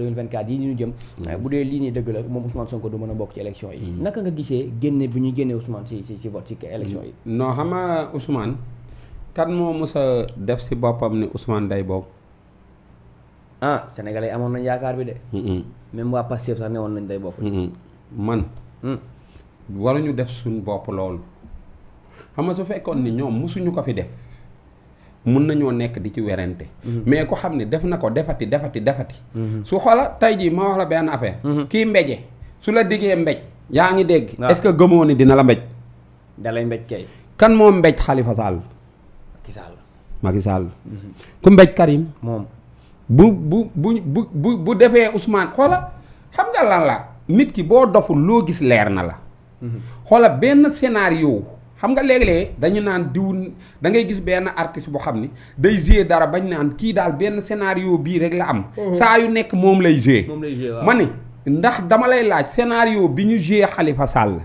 2024 yi ñu jëm mm-hmm. euh, bu dee lii nii dëgg la moom Ousmane Sonko du mën a bokk ci élection yi mm-hmm. naka nga gisee génne bi ñu génnee Ousmane si si si vote si élection yi mm-hmm. non xam nga Ousmane kan moo mos def si boppam ni Ousmane day bokk ah sénégalais amoon nañ yaakaar bi de même waa Pastef sax ne woon nañ day bokk man mm. waruñu def suñ bopp loolu xam nga su fekkoon ni ñoom mësuñu ko fi de mun nañoo nekk di ci werante mhm. mais ku xam ne def na ko defati defati defati mhm. su xoola tey jii ma wax la benn affaire mhm. kii mbeje su la diggee mbej yaa ngi dégg est que gëmoo ni dina la mbej dalay mbej kay kan moo mbej Khalifa Sall Macky Sall Macky Sall ku mbej Karim bu bu bu bu bu defee Ousmane xoola xam nga lan la nit ki boo doxul loo gis leer na la xoola benn scénario xam nga léeg-léeg dañu naan diw da ngay gis benn artiste boo xam ni day jouer dara bañ naan kii daal benn scénario bii rek la am. saa yu nekk moom lay jouer. moom lay jouer waaw ma ni ndax dama lay laaj scénario bi ñu jouer xalifa Sall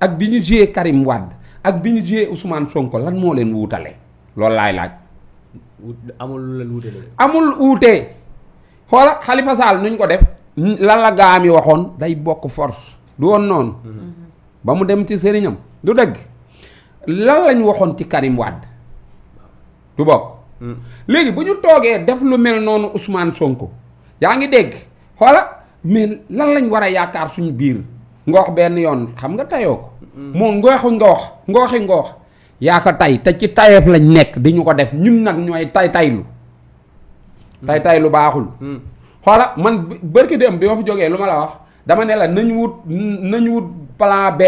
ak bi ñu jouer Karim Wade ak bi ñu jouer Ousmane Sonko lan moo leen wuutale loolu laay laaj. amul lu leen wuute amul wuute xoola Khalifa Sall nuñ ko def. lan la gaa mi waxoon day bokk force. du woon noonu. ba mu dem ci sëriñam du dëgg. lan lañ waxoon ci Karim Wade du bokk hmm. léegi bu ñu toogee def lu mel noonu usmaan Sonko yaa ngi dégg xoola mais lan lañ war a yaakaar suñu biir ngoox benn yoon xam nga tayoo ko hmm. moom ngooxu nga ngooxi ngoox wax yaa ko tay te ci tayeef lañ nekk di ñu ko def ñun nag ñooy tay taylu hmm. tay taylu baaxul xoola man bërki dem bi ma fi jógee lu ma la wax dama ne la nañ wut nañu wut plan B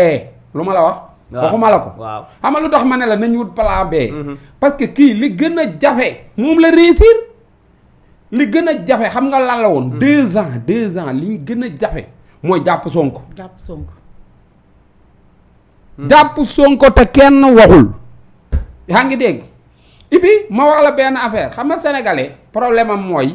lu ma la wax waxuma la ko xam nga lu tax ma ne la nañu wut plan B mhm. parce que kii li gën a jafe moom la réussir li gën a jafe xam nga lan la woon mhm. deux ans deux ans li gën a jafe mooy jàpp Sonko jàpp Sonko mhm. jàpp Sonko te kenn waxul yaa ngi dégg et ma wax la benn affaire xam nga sénégalais problème am mooy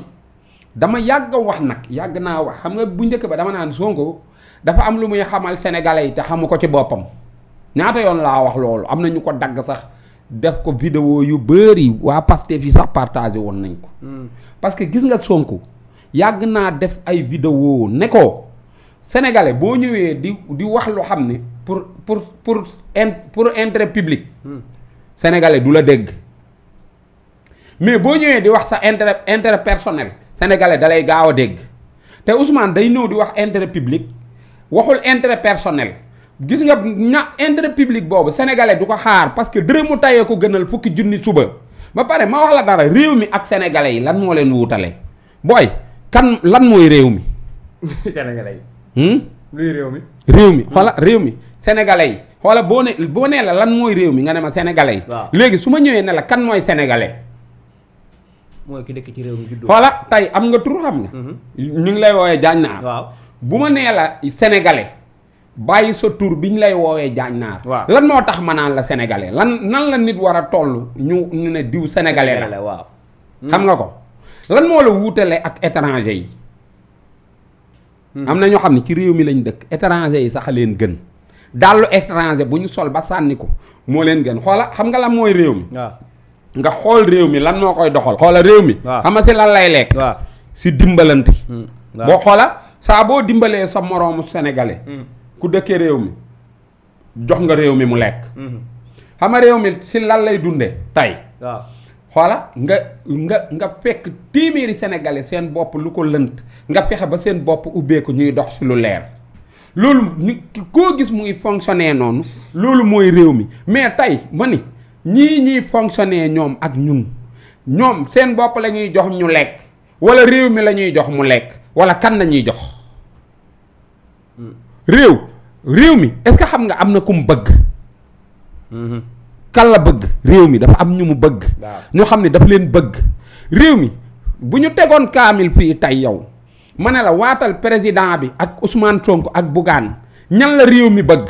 dama yàgg wax nag yàgg naa wax xam nga bu njëkk ba dama naan Sonko dafa am lu muy xamal sénégalais yi te xamu ko ci boppam ñaata yoon laa wax loolu am na ñu ko dagg sax def ko vidéo yu bëri waa Pastef yi sax partagé woon nañ ko. Hmm. parce que gis nga Sonko yàgg naa def ay vidéo ne ko sénégalais boo ñëwee di di wax lu xam ne pour pour pour pour intérêt public. Hmm. sénégalais du la dégg mais boo ñëwee di wax sa intérêt intérêt personnel sénégalais dalay gaaw a dégg te Ousmane day ñëw di wax intérêt public waxul intérêt personnel. gis nga ña intérêt public boobu sénégalais du ko xaar parce que dërëm mu tayee ko gënal fukki junni suba ba pare ma wax la dara réew mi ak sénégalais yi lan moo leen wutale booy kan lan mooy réew mi. sénégalais yi. Hmm? réew mi. réew mi xoola hmm. réew mi sénégalais yi xoola boo ne boo nee la lan mooy réew mi nga ne ma sénégalais yi. léegi su ma ñëwee ne la kan mooy sénégalais. mooy ki dëkk ci réew mi juddoo. xoola tey am nga tur xam nga. Mhm. ñu ngi lay woowee jaañ naa. waaw bu ma nee la sénégalais. bàyyi sa tur bi ñu lay woowee jaañ naar waaw lan moo tax ma naan la sénégalais lan nan la nit war a toll ñu ñu ne diw sénégalais la waaw hmm. xam nga ko lan moo la wuutale ak étranger yi hmm. am na ñoo xam ne ci réew mi lañ dëkk étranger yi sax leen gën dallu étranger bu ñu sol ba sànni ko moo leen gën xoola xam nga lan mooy réew mi nga xool réew mi lan moo koy doxal xoola réew mi xam nga si lan lay lekk si dimbalante hmm. boo xoola saa boo dimbalee sa moroomu sénégalais ku dëkkee réew mi jox nga réew mi mu lekk. Mhm. xam réew mi si lan lay dundee tay waaw xoola nga nga nga fekk téeméeri sénégalais seen bopp lu ko lënt nga fexe ba seen bopp ubbeeku ñuy dox si lu leer. loolu ñu koo gis muy fonctionner noonu loolu mooy réew mi mais tey ma ni ñii ñuy fonctionner ñoom ak ñun ñoom seen bopp lañuy jox ñu lekk wala réew mi la ñuy jox mu lekk wala kan lañuy jox. Mm. réew réew mi est-ce que xam nga am na ku mu bëgg. Mm-hmm. kan la bëgg réew mi dafa am ñu mu bëgg. ñu xam ne daf leen bëgg. réew mi bu ñu tegoon kaamil fii tey yow ma ne la waatal président bi ak Ousmane Sonko ak Bougane ñan la réew mi bëgg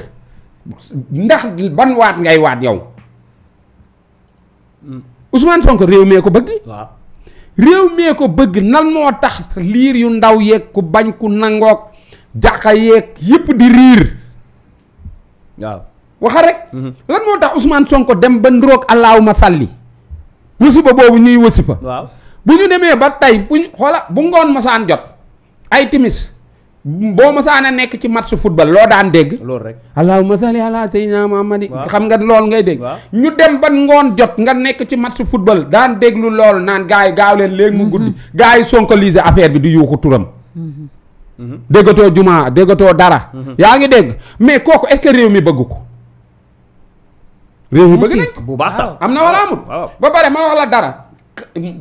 ndax ban waat ngay waat yow mm. Ousmane Sonko réew mee ko bëgg. waaw réew mee ko bëgg nan moo tax liir yu ndaw yeeg ku bañ ku nangook jàqa yeeg yëpp di riir waaw waxa rek mhm. lan moo tax usmaan Sonko dem ba ndroog allahuma salli wasifa boobu ñuy wasifa waaw bu ñu demee ba tey ñu xoola bu ngoon masaan jot ay timis boo masaan a nekk ci match futbal loo daan dégg loolu rek allahuma salli ala sayyidina muhammadi xam nga lool ngay dégg ñu dem ba ngoon jot nga nekk ci match football daan déglu lool naan gars yi gaaw leen léegi mu mhm. guddi gars yi sonkaliser affaire bi di yuuxu turam mhm. Mm-hmm. déggatoo jumaa déggatoo dara. Mm-hmm. yaa ngi dégg mais kooku est réew mi bëgg ko. réew mi bëgg nañ bu baax sax am na wala amul. ba pare ma wax la dara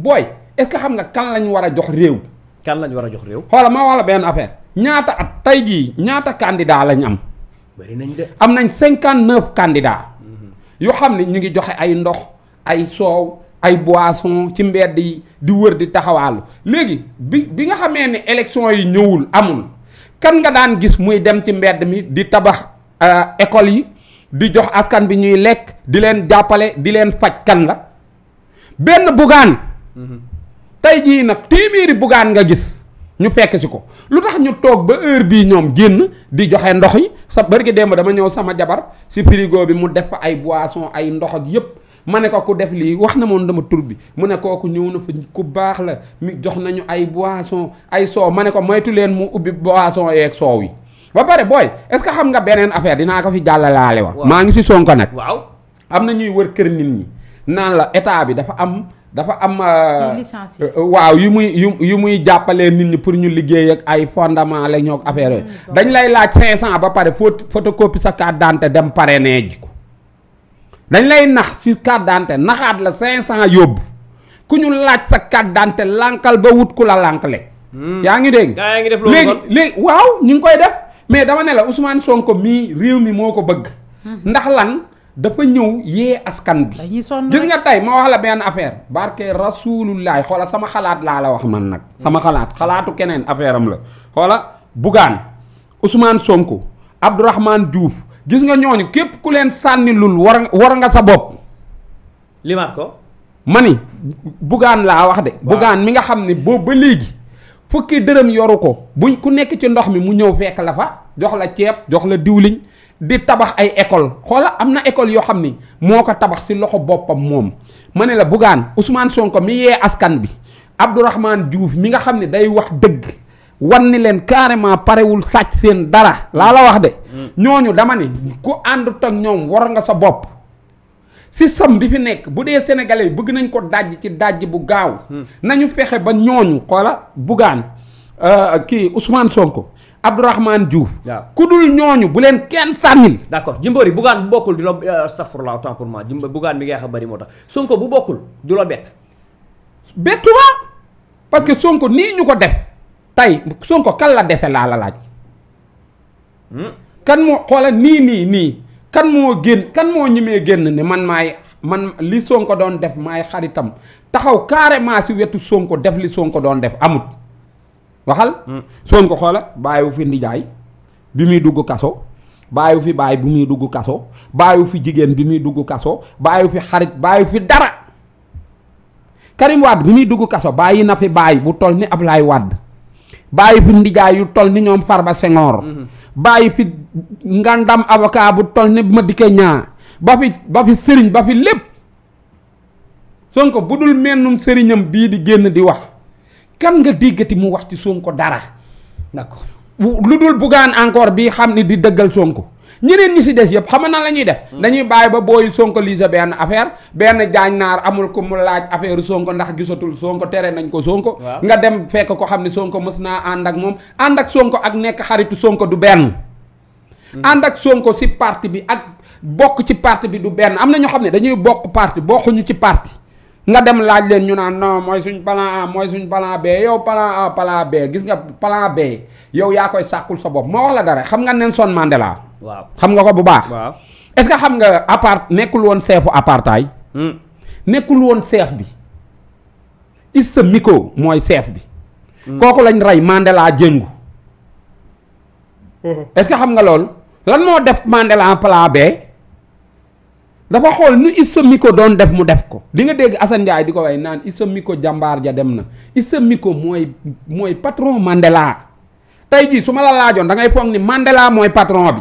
booy est xam nga kan lañ war a jox réew. kan lañ war a jox réew. xoola ma wax la benn affaire ñaata at tey jii ñaata candidat lañ am. bari nañ de am nañ cinquante neuf candidats. Mm-hmm. yoo xam ne ñu ngi joxe ay ndox ay soow. ay boisson ci mbedd yi di wër di taxawaalu léegi bi bi nga xamee ne élection yi ñëwul amul kan nga daan gis muy dem ci mbedd mi di tabax euh, école yi di jox askan bi ñuy lekk di leen jàppale di leen faj kan la benn bugaan mhm. tey jii nag téeméeri bugaan nga gis ñu fekk ci ko lu tax ñu toog ba heure bii ñoom génn di joxe ndox yi sa bërgi démb dama ñëw sama jabar si frigo bi mu def ay boisson ay ndox ak yëpp ma ne ko ku def lii wax na moom dama tur bi mu ne kooku ñëw na fa ku baax la mi jox nañu ay boisson ay soow ma ne ko moytu leen mu ubbi boisson yeeg soow yi ba pare booy est-ce que xam nga beneen affaire dinaa ko fi jàllalaale wa maa ngi si sonk nag waaw am na ñuy wër kër nit ñi naan la état bi dafa am dafa am euh, euh, waaw yu muy yu yu muy jàppale nit ñi pour ñu liggéey ak ay fondement la ñoo affaire yooyu mm, dañ lay laaj cinq cent ba pare faut photocopie sa carte d'identité dem parrainage ko dañ lay nax ci carte d'identité naxaat la cinq cent yóbbu ku ñu laaj sa carte d'identité lànkal ba wut ku la lànkale hmm. yaa ngi dégg léegi léegi waaw ñu ngi koy def mais dama ne la Ousmane Sonko mii réew mi moo ko bëgg hmm. ndax lan dafa ñëw yee askan bi gis nga tey ma wax la benn affaire barke rasulullahi xoola sama xalaat laa la wax man nag hmm. sama xalaat xalaatu keneen affaire am la xoola Bougane Ousmane Sonko Abdourahmane Diouf gis nga ñooñu képp ku leen sànni lul war war nga sa bopp. limaat ko. ma ni bugaan laa wax de. bugaan mi nga xam ne boobu ba léegi. fukki dërëm yoru ko buñ ku nekk ci ndox mi mu ñëw fekk la fa jox la ceeb jox la diwliñ di tabax ay école xoola am na école yoo xam ni moo ko tabax si loxo boppam moom. ma ne la bugaan Ousmane Sonko mi yee askan bi Abdourahmane Diouf mi nga xam ne day wax dëgg. wan ni leen carrément parewul sàcc seen dara laa la wax de ñooñu dama ni ku àndut ak ñoom war nga sa bopp système bi fi nekk bu dee sénégalais yi bëgg nañ ko dajj ci dajj bu gaaw nañu fexe ba ñooñu xoola Bougane euh, kii Ousmane Sonko Abdourahmane Diouf ku dul ñooñu bu leen kenn sànnil d'accord Jimbori Bougane bu bokkul du la euh, safurla autant pour moi Jimbori Bougane mi nga bari moo tax Sonko bu bokkul du la bett bettu ma parce que Sonko nii ñu ko def tey Sonko kan la dese laa la laaj. Hmm? kan moo xoola nii nii nii kan moo génn kan moo ñimee génn ni man maay man li Sonko doon def maay xaritam taxaw carrément ci wetu Sonko def li Sonko doon def amut. waxal. Hmm. Sonko xoola bàyyiwu fi nijaay bi muy dugg kaso. bàyyiwu fi bàyyi bu muy dugg kaso bàyyiwu fi jigéen bi muy dugg kaso bàyyiwu fi xarit bàyyiwu fi dara Karim Wade bi muy dugg kaso bàyyi na fi bàyyi bu toll ni ab Ablaye Wade. bàyyi fi ndijaay yu toll ni ñoom Farba Senghor mhm. bàyyi fi ngandam avocat bu toll ni Madické Niang ba fi ba fi sëriñ ba fi lépp Sonko bu dul mennum sëriñam bii di génn di wax kan nga déggati mu wax ci Sonko dara d'accord lu dul bugaan encore bi xam ni di dëggal Sonko ñeneen ñi si des yëpp xam na la ñuy def hmm. dañuy bàyyi ba booy Sonko lise benn affaire benn jaañ naar amul ku mu laaj affaire Sonko ndax gisatul Sonko tere nañ ko Sonko nga dem fekk ko xam ne Sonko mës naa ànd ak moom ànd ak Sonko ak nekk xaritu Sonko du benn hmm. ànd ak Sonko si parti bi ak bokk ci parti bi du benn am na ñoo xam ne dañuy bokk parti bokkuñu ci parti nga dem laaj leen ñu naan non suñ plan A suñ plan yow plan A plan gis nga plan B yow yaa koy sàkkul sa bopp moo wax la dara xam nga Nelson Mandela waaw xam nga ko bu baax. waaw est-ce que xam nga apart nekkul woon seefu apartheid. Hmm. nekkul woon seef bi. Issa Miko mooy seef bi. Hmm. kooku lañ rey Mandela jëngu. Uh-huh. est-ce que xam nga loolu lan moo def Mandela plan B. dafa xool nu Issa Miko doon def mu def ko di nga dégg Assane Ndiaye di ko way naan Issa Miko jàmbaar ja dem na Issa Miko mooy mooy patron Mandela. tey jii su ma la laajoon da ngay foog ni Mandela mooy patron bi.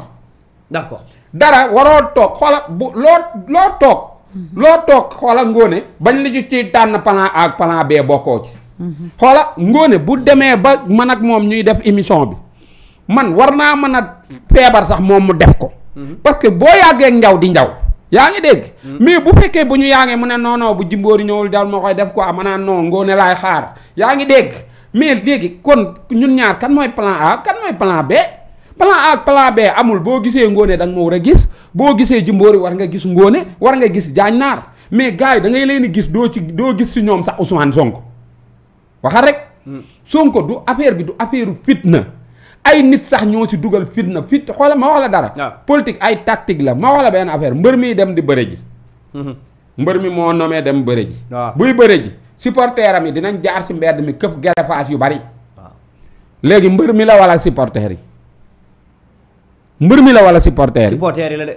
d'accord dara waroo toog xoola bu loo loo toog. Mm-hmm. loo toog xoola ngóone bañ la ci tànn plan A ak plan bokkoo ci. Mm-hmm. xoola ngóone bu demee ba man ak moom ñuy def émission bi man war naa mën a feebar sax moom mu def ko. Mm-hmm. parce que boo yàggee njaw di njaw. yaa ngi dégg. mais bu fekkee bu ñu yaangee mu ne non non bu jimboori ñëwul dal moo koy def ko ma naan non ngóone laay xaar yaa ngi dégg mais léegi kon ñun ñaar kan mooy plan A kan mooy plan B. plan A ak plan B amul boo gisee ngóone da nga ma war a gis boo gisee jimboori war nga gis ngoone war nga gis jaañ naar mais gars yi da ngay leen di gis doo ci doo gis si ñoom sax Ousmane Sonko waxal rek. Hmm. Sonko du affaire bi du affaire na ay nit sax ñoo ci dugal fit fitna fit xoola ma wax la dara. Ah. politique ay tactique la ma wax la benn affaire mbër mi dem di bëre ji. Hmm. mbër mi moo nomee dem bëre ji. Ah. buy bëre ji supporter am yi dinañ jaar si mbedd mi këf gerefaas yu bari. Ah. léegi mbër mi la wala supporter yi. mbër mi la wala supporter supporter yi la de.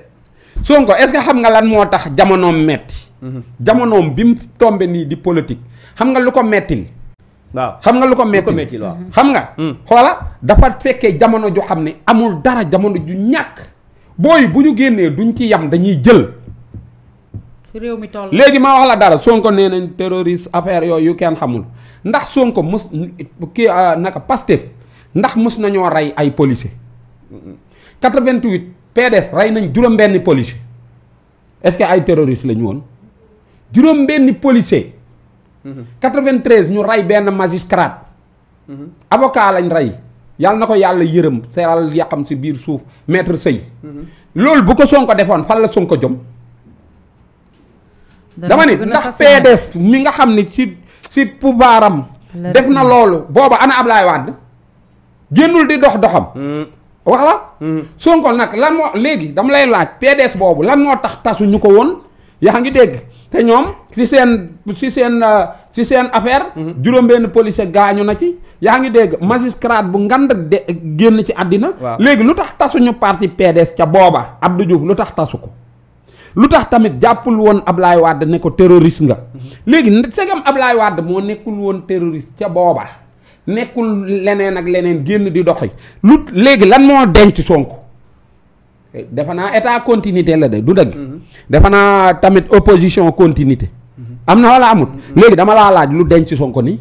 Sonko est-ce que xam nga lan moo tax jamonoom metti mhm. jamonoom bi mu tombé nii di politique xam nga lu ko mettil waaw xam nga lu ko métti waaw mhm. xam nga. Mm. xoola dafa fekkee jamono ju xam ne amul dara jamono ju ñàkk booy bu ñu génnee duñ ci yam dañuy jël. réew mi toll léegi maa wax la dara Sonko nee nañ terroriste affaire yooyu kenn xamul ndax Sonko mës kii euh, naka Pastef ndax mës nañoo rey ay policier 88 PDS rey nañ juróom-benni policier est-ce que ay terroriste la ñu woon juróom-benni policier. 93 mhm. ñu rey benn magistrat. Mhm. avocat lañ rey yàlla na ko yàlla yërëm seeral yàqam si biir suuf maître sëy mhm. loolu bu ko sonk defoon fan la Sonko jom. dama ni ndax PDS mi nga xam ni si si pouvoiram def na loolu booba ana Ablaye Wade génnul di dox doxam. wax la. Hmm. Sonko nag lan moo léegi dama lay laaj pedes boobu lan moo tax tasu ñu ko woon yaa ngi dégg te ñoom si seen si seen euh, si seen affaire. Hmm. juróom-benn policier gaañu na ci. yaa ngi dégg hmm. magistrat bu ngand de génn ci àddina. léegi lu tax tasuñu parti PDS ca booba du Diouf lu tax tasu ko. lu tax tamit jàppul woon ab Ablaye Wade ne ko terroriste nga. léegi segam Ablaye Wade moo nekkul woon terroriste ca booba. nekkul leneen ak leneen génn di doxi lu léegi lan moo denc sonk eh, defe naa état continuité la de du dëgg mhm. defe naa tamit opposition continuité mhm. am na wala amut mhm. léegi dama laa laaj lu denc Sonko nii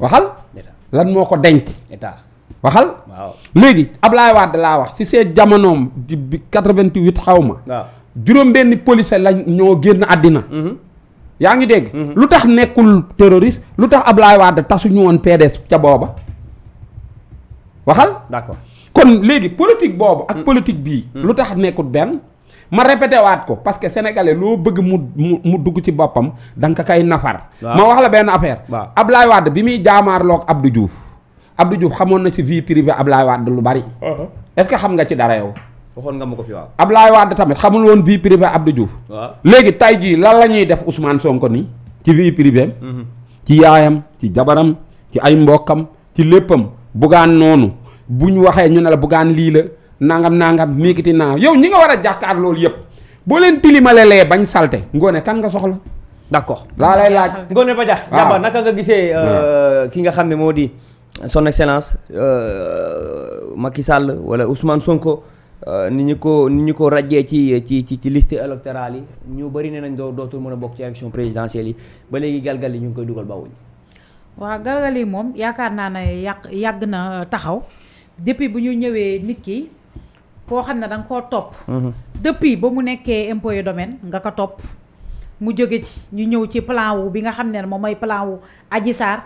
waxal lan moo ko denc état waxal léegi Ablaye Wade laa wax si seet jamonoom bi 88 xaw ma juróom benn police lañ ñoo génn àddina yaa ngi dégg. Mhm. lu tax nekkul terroriste lu tax Ablaye Wade tasuñu woon PDS ca booba waxal. d'accord kon léegi politique boobu. ak mhm. politique bii. Mhm. lu tax nekkul benn. ma répété waat ko parce que sénégalais loo bëgg mu mu mu dugg ci boppam da nga kay nafar. ma wax la benn affaire. waaw Ablaye Wade bi muy jaamaarloog Abdou Diouf Abdou Diouf xamoon na ci vie privée Ablaye Wade lu bari. Uh-huh. est-ce xam nga ci dara yow. waxoon nga ma ko fi waaw. Ablaye Wade tamit xamul woon vie privée Abdou Diouf. waaw léegi tay jii lan la ñuy def Ousmane Sonko nii ci vie privée mhm. ci yaayam ci jabaram ci ay mbokkam ci léppam bugaan noonu buñ waxee ñu ne la bugaan lii la nangam nangam miikiti naa yow ñi nga war a jàkkaar loolu yëpp boo leen tilimalelee bañ salte ngoone kan nga soxla. d'accord laa lay laaj. ngoone ba jax ah. jàmba naka nga gisee euh, ah. ki nga xam ne moo di son excellence euh, Macky Sall wala Ousmane Sonko. Euh, ni ñu ko ni ñu ko rajjee ci ci ci ci liste électorale yi ñu bëri ne nañ doo dootul mën a bokk ci élection présidentielle yi ba léegi galgal yi ñu ngi koy dugal bawuñ waaw galgal yi moom yaakaar naa ne yàq yàgg na euh, taxaw depuis bu ñu ñëwee nit ki koo xam ne da nga koo topp mhm. depuis ba mu nekkee impôt et domaine nga ko topp mu jóge ci ñu ñëw ci plan wu bi nga xam ne moom mooy plan wu Adji Sarr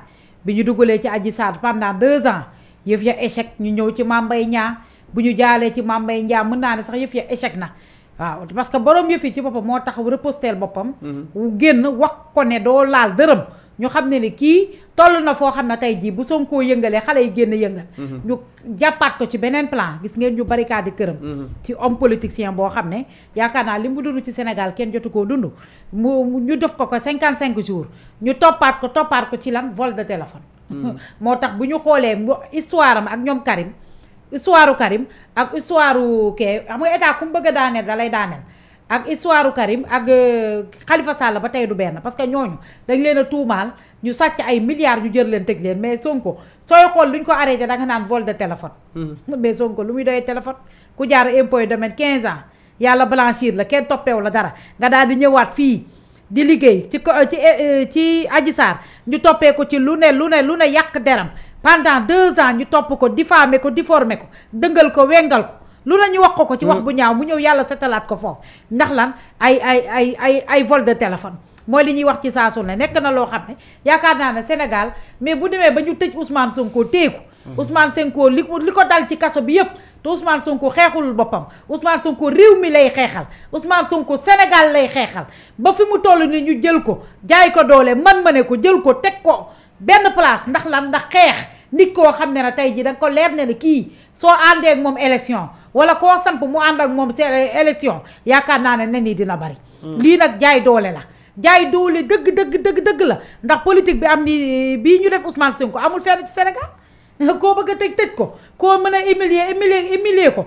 bi ñu dugalee ci Adji Sarr pendant deux ans yëf ya échec ñu ñëw ci Mame Mbaye Niang bu ñu jaalee ci Mame Mbaye Niang mën naa ne sax yëf ya échec na waaw parce que borom yëf yi ci boppam moo taxaw reposteel boppam mhm. génn wax ko ne doo laal dërëm ñu xam ne ni kii toll na foo xam ne tey jii bu koo yëngalee xale yi génn yëngal mhm. ñu jàppaat ko ci beneen plan gis ngeen ñu barricade këram mhm. ci homme politicien boo xam ne yaakaar naa li mu dund ci Sénégal kenn jotu koo dund mu ñu def ko ko cinquante cinq jours ñu toppaat ko toppaat ko ci lan vol de téléphone moo tax bu ñu xoolee histoire am ak ñoom Karim histoire Karim ak histoire kee xam nga état ku mu bëgg daaneel da lay daaneel ak histoire Karim ak euh, Khalifa Sall ba tey du benn parce que ñooñu dañ leen a tuumaal ñu sàcc ay milliards ñu jër leen teg leen mais Sonko sooy xool lu ñu ko arrêté da nga naan vol de téléphone. Mm-hmm. mais Sonko lu muy doyee téléphone ku jaar de domaine 15 ans yàlla blanchir la kenn toppeew la dara nga daal di ñëwaat fii. di liggéey ci ko ci euh, ci Adji Sarr ñu toppee ko ci lu ne lu ne lu ne yàq deram pendant deux ans ñu topp ko diffamé ko difformé ko dëngal ko wengal ko lu nañu wax ko ci wax mm. bu ñaaw mu ñëw yàlla setalaat ko foofu ndax lan ay ay ay ay ay vol de téléphone mooy li ñuy wax ci saa ne nekk na loo xam ne yaakaar naa ne Sénégal mais bu demee ba ñu tëj Ousmane Sonko téye ko mm. Ousmane Sonko li li ko dal ci kaso bi yépp te Ousmane Sonko xeexul boppam Ousmane Sonko réew mi lay xeexal Ousmane Sonko Sénégal lay xeexal ba fi mu toll ni ñu jël ko jaay ko doole man ma ne ko jël ko teg ko benn place ndax lan ndax xeex nit koo xam ne ne tey jii da ko leer ne ne kii soo àndee ak moom élection wala koo samp mu ànd ak moom seen élection yaakaar naa ne nen yi dina bari. Mm. lii nag jaay doole la. jaay doole dëgg dëgg dëgg dëgg la ndax politique bi am ni bii ñu def Ousmane ko amul fenn ci Sénégal koo bëgg a tëj tëj ko koo mën a humilier humilier humilier ko.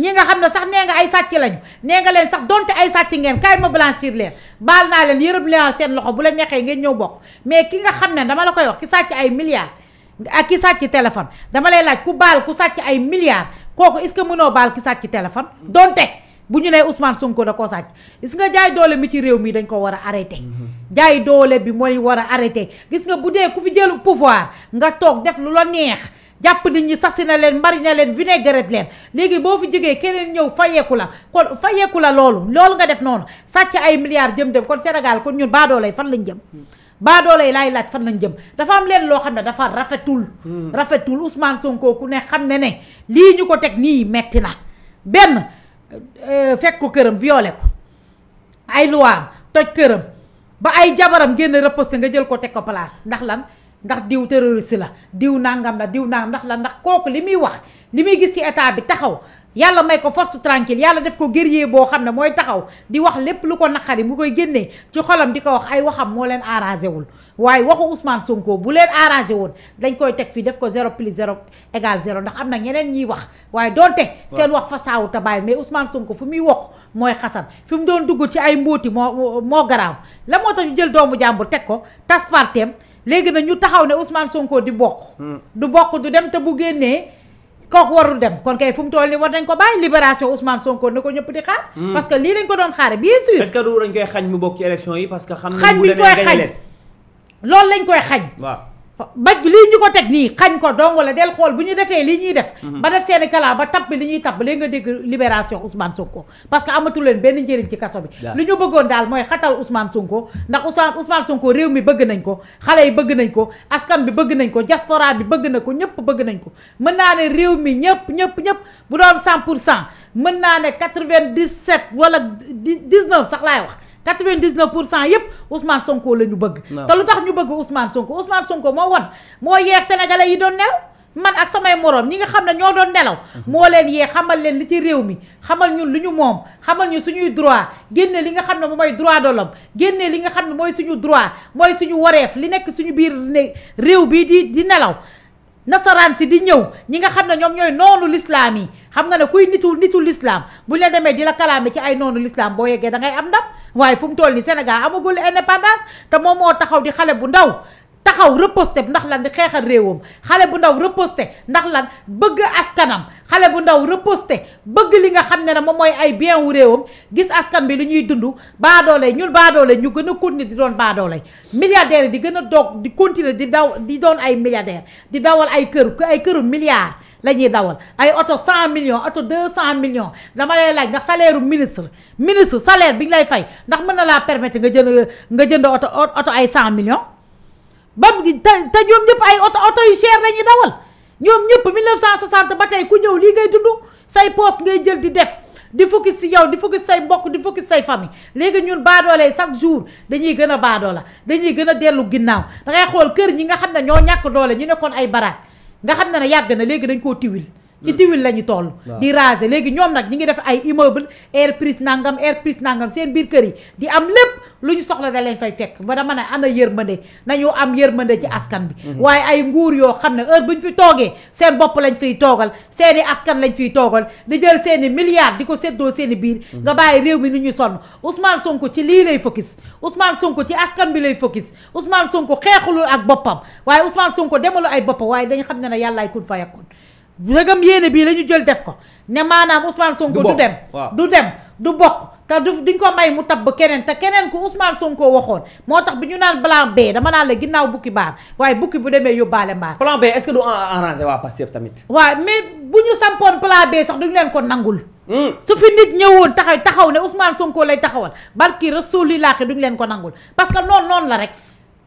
ñi nga xam ne sax nee nga ay sàcc lañu nee nga leen sax donte ay sàcc ngeen kaay ma blanchir leen baal naa leen yërëm leen seen loxo bu la neexee ngeen ñëw bokk mais ki nga xam ne dama la koy wax ki sàcc ay milliards ak ki sàcc téléphone dama lay laaj ku baal ku sàcc ay milliards kooku est-ce que mënoo baal ki sàcc téléphone donte bu ñu nee Ousmane Sonko da koo sàcc gis nga jaay doole mi ci réew mi dañ ko war a arrêté mm-hmm. jaay doole bi mooy war a arrêté gis nga bu dee ku fi jël pouvoir nga toog def lu la neex jàpp nit ñi sasi na leen mbari na leen vinaigrette leen léegi boo fi jógee keneen ñëw fayeeku la kon fayeeku la loolu loolu nga def noonu sàcc ay milliards jëm dem kon Sénégal kon ñu baadoo lay fan lañ jëm baadoole yi laay laaj fan lañ jëm dafa am leen loo xam ne dafa rafetul hmm. rafetul Ousmane Sonko ku ne xam ne ne lii ñu ko teg nii metti na benn euh, fekk ko këram viole ko ay luwaam toj këram ba ay jabaram génn reposté nga jël ko teg ko place ndax lan ndax diw terroriste la diw nangam la diw nangam ndax la ndax kooku li muy wax li muy gis ci état bi taxaw yàlla may ko force tranquille yàlla def ko guerrier boo xam ne mooy taxaw di wax lépp lu ko naqari mu koy génnee ci xolam di ko wax ay waxam moo leen arrangé wul waaye waxu Ousmane Sonko bu leen arrangé woon dañ koy teg fii def ko zéro plus zéro égal zéro ndax am na ñeneen ñuy wax waaye donte seen wax fa saawu tabaay mais Ousmane Sonko fu muy wax mooy xasan fi mu doon dugg ci ay mbóoti moo moo garaaw la moo tax jël doomu jàmbur teg ko tas léegi nag ñu taxaw ne Ousmane Sonko di bokk. Hmm. du bokk du dem te bu génnee kooku warul dem kon kay fu mu toll nii war nañ ko bàyyi libération Ousmane Sonko ne ko ñëpp di xaar. Hmm. parce que lii lañ ko doon xaare bien sûr. est-ce que du dañ koy xañ mu bokk ci élection yi parce que. xam nañ mu demee xañ loolu lañ koy xañ. waaw ba lii ñu ko teg nii xañ ko dong la del xool bu ñu defee lii ñuy def mhm. ba def seeni kalaa ba bi li ñuy tabb léegi nga dégg libération Ousmane Sonko parce que amatu leen benn njëriñ ci kaso bi li ñu bëggoon daal mooy xatal Ousmane Sonko ndax Ousmane Ousmane réew mi bëgg nañ ko xale yi bëgg nañ ko askan bi bëgg nañ ko diaspora bi bëgg na ko ñëpp bëgg nañ ko mën naa ne réew mi ñëpp ñëpp ñëpp bu doon 100 pour cent mën naa ne 97 wala 19 sax laay wax 99 pour cent yëpp Ousmane Sonko la ñu bëgg te lu tax ñu bëgg Ousmane Sonko Ousmane Sonko moo won moo yeex sénégalais yi doon nelaw man ak samay moroom ñi nga xam ne ñoo doon nelaw mhm. moo leen yee xamal leen li ci réew mi xamal ñun lu ñu moom xamal ñu suñuy droit génne li nga xam ne mooy droit de l'homme génne li nga xam ne mooy suñu droit mooy suñu wareef li nekk suñu biir ne réew bi di di nelaw nasaraan si di ñëw ñi nga xam ne ñoom ñooy noonu lislaam yi xam nga ne kuy nitu nitu lislaam bu la demee di la kalaame ci ay noonu lislaam boo yeggee da ngay am ndam waaye fu mu toll nii Sénégal amagul indépendance te moom moo taxaw di xale bu ndaw taxaw riposte ndax lan di xeexal réewam xale bu ndaw riposte ndax lan bëgg askanam xale bu ndaw riposte bëgg li nga xam ne ne moom mooy ay bien wu réewam gis askan bi lu ñuy dund baadoole ñun baadoole ñu gën a continuer di doon baadoole milliardaires yi di gën a doog di continuer di daw di doon ay milliardaires di dawal ay kër ay këru milliards la ñuy dawal ay oto 100 millions oto 200 millions dama lay laaj ndax salaire ministre ministre salaire bi ñu fay ndax mën na laa permettre nga jënd nga jënd oto oto ay 100 ba te te ñoom ñëpp ay oto oto yu cher lañuy dawal ñoom ñëpp 1960 ba tey ku ñëw lii ngay dund say poos ngay jël di def di fukki si yow di fukki say mbokk di fukki say famille léegi ñun baadoolee chaque jour dañuy gën a baadoola dañuy gën a dellu ginnaaw dangay xool kër ñi nga xam ne ñoo ñàkk doole ñu nekkoon ay baraak nga xam ne ne yàgg na léegi dañ koo tiwil ci diwil la ñu toll di raser léegi ñoom nag ñi ngi def ay immeuble air prise nangam air prise nangam seen biir kër yi di am lépp lu ñu soxla da leen fay fekk ba dama ne ana yërmande nañu am yërmande ci askan bi mm-hmm. waaye ay nguur yoo xam ne heure bu ñu fi toogee seen bopp lañ fiy toogal seeni askan lañ fiy toogal di jël seeni milliards di ko seddoo seeni biir mm-hmm. nga bàyyi réew mi ni ñu sonn Ousmane Sonko ci lii lay focus Ousmane Sonko ci askan bi lay focus Ousmane Sonko xeexulul ak boppam waaye Ousmane Sonko demalu ay boppam waaye dañ xam ne ne yàllaay kun fa ndegam yéene bii lañu jël def ko ne maanaam Ousmane Sonko du dem du dem du bokk te du duñ ko may mu tabb keneen te keneen ku Ousmane Sonko waxoon moo tax bi ñu naan plan B dama naan la ginnaaw bukki baar waaye bukki bu demee yóbbaale mbaar. plan B est-ce du arrangé waa Pastef tamit. waaw mais bu ñu sampoon plan B sax duñ leen ko nangul. Hmm. su fi nit ñëwoon taxaw taxaw ne Ousmane Sonko lay taxawal barki Rasuulillaahi duñ leen ko nangul parce que noonu noonu la rek.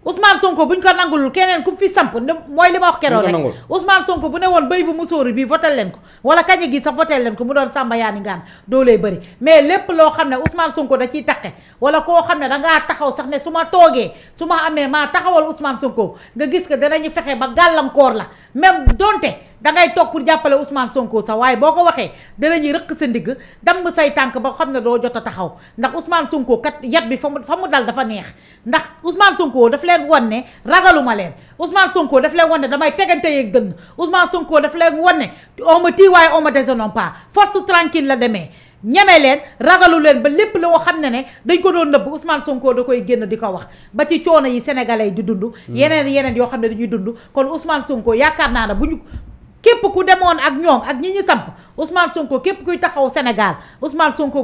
Ousmane Sonko buñ ko nangulul keneen ku fi samp mooy li ma wax keroog rek Ousmane Sonko bu ne woon béy bu musóoru bii votel leen ko wala kañe gi sa votel leen ko mu doon sàmba yaani doo doolee bëri mais lépp loo xam ne Ousmane Sonko da ciy taqe wala koo xam ne dangaa taxaw sax ne su ma toogee su ma amee maa taxawal Ousmane Sonko nga gis que danañu fexe ba gàllankoor la même donte dangay toog pour jàppale Ousmane Sonko sax waaye boo ko waxee danañuy rëq sa ndigg damm say tànk ba xam ne doo jot a taxaw ndax Ousmane Sonko kat yat bi fa mu mu dal dafa neex ndax Ousmane Sonko daf leen wan ne ragaluma leen Ousmane Sonko daf leen wan ne damay tegante yeeg dënn Ousmane Sonko daf leen wan ne on me tue waaye on me déshonoure pas force tranquille la demee ñeme leen ragalu leen ba lépp loo xam ne ne dañ ko doon nëbb Ousmane Sonko da koy génn di ko wax ba ci coono yi sénégalais di dund hmm. yeneen yeneen yoo xam ne dañuy dund kon Ousmane Sonko yaakaar naa ne bu ñu képp ku demoon ak ñoom ak ñi ñu samp Ousmane Sonko képp kuy taxaw Sénégal Ousmane Sonko bu